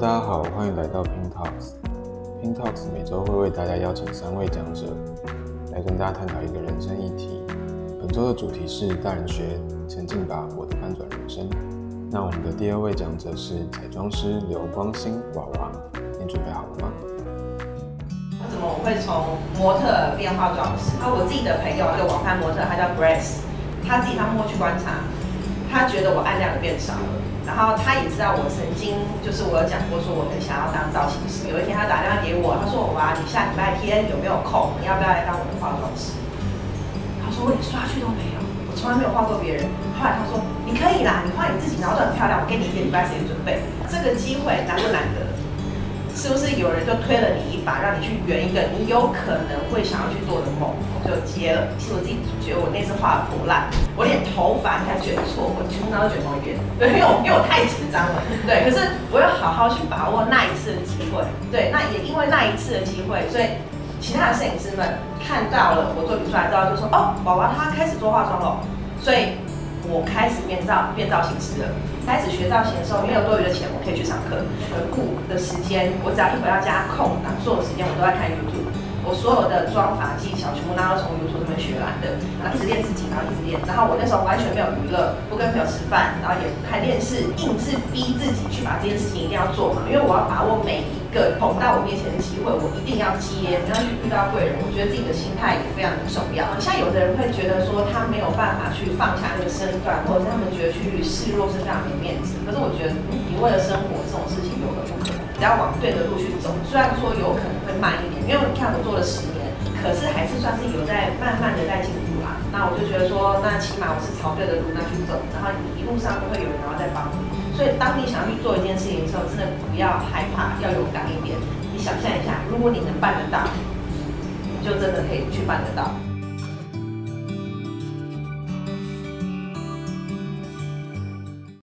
大家好，歡迎來到 Pink Talks。Pink Talks 每週會為大家邀請三位講者，來跟大家探討一個人生議題。本週的主題是《大人學前進吧，我的翻轉人生》。那我們的第二位講者是彩妝師劉光馨娃娃，你準備好了嗎？怎麼我會從模特變化妝師？啊、哦，我自己的朋友一個網拍模特，他叫 Brace 他自己們我去觀察。他覺得我按量的變少了，然後他也知道我曾經就是我有講過說我很想要當造型師。有一天他打電話給我，他說：“哇哇，你下禮拜天有沒有空？你要不要來當我的化妝師？”他說我連刷具都沒有，我從來沒有化過別人。後來他說：“你可以啦，你化你自己，然後就很漂亮。我給你一個禮拜時間準備，這個機會難不難得？”是不是有人就推了你一把，讓你去圓一個你有可能會想要去做的夢，我就接了。其實我自己覺得我那次畫的破爛，我連頭髮還捲錯，我全部都是捲毛圓。對，因為我因為我太緊張了。對，可是我要好好去把握那一次的機會。對，那也因為那一次的機會，所以其他的攝影師們看到了我作品出來之後，就說哦，寶寶他開始做化妝了。所以。我開始變造變造型師了，開始學造型的時候沒有多餘的錢，我可以去上課，全部的時間我只要一回到家空檔，然後所有時間我都在看 YouTube，我所有的妝髮技巧全部都是從 YouTube 上面學來的，然後一直練自己，然後一直練，然後我那時候完全沒有娛樂，不跟朋友吃飯，然後也不看電視，硬是逼自己去把這件事情一定要做嘛，因為我要把握每一。對，捧到我面前的機會，我一定要接。我要去遇到貴人，我覺得自己的心態也非常的重要。像有的人會覺得說他沒有辦法去放下那個身段，或者是他們覺得去示弱是非常沒面子。可是我覺得你為了生活這種事情，有的不可能。只要往對的路去走，雖然說有可能會慢一點，因為你看我做了十年。可是還是算是有在慢慢的在進步啦。那我就覺得說，那起碼我是朝對的路那去走，然後一路上都會有人然後在幫你。所以當你想要去做一件事情的時候，真的不要害怕，要勇敢一點。你想象一下，如果你能辦得到，你就真的可以去辦得到。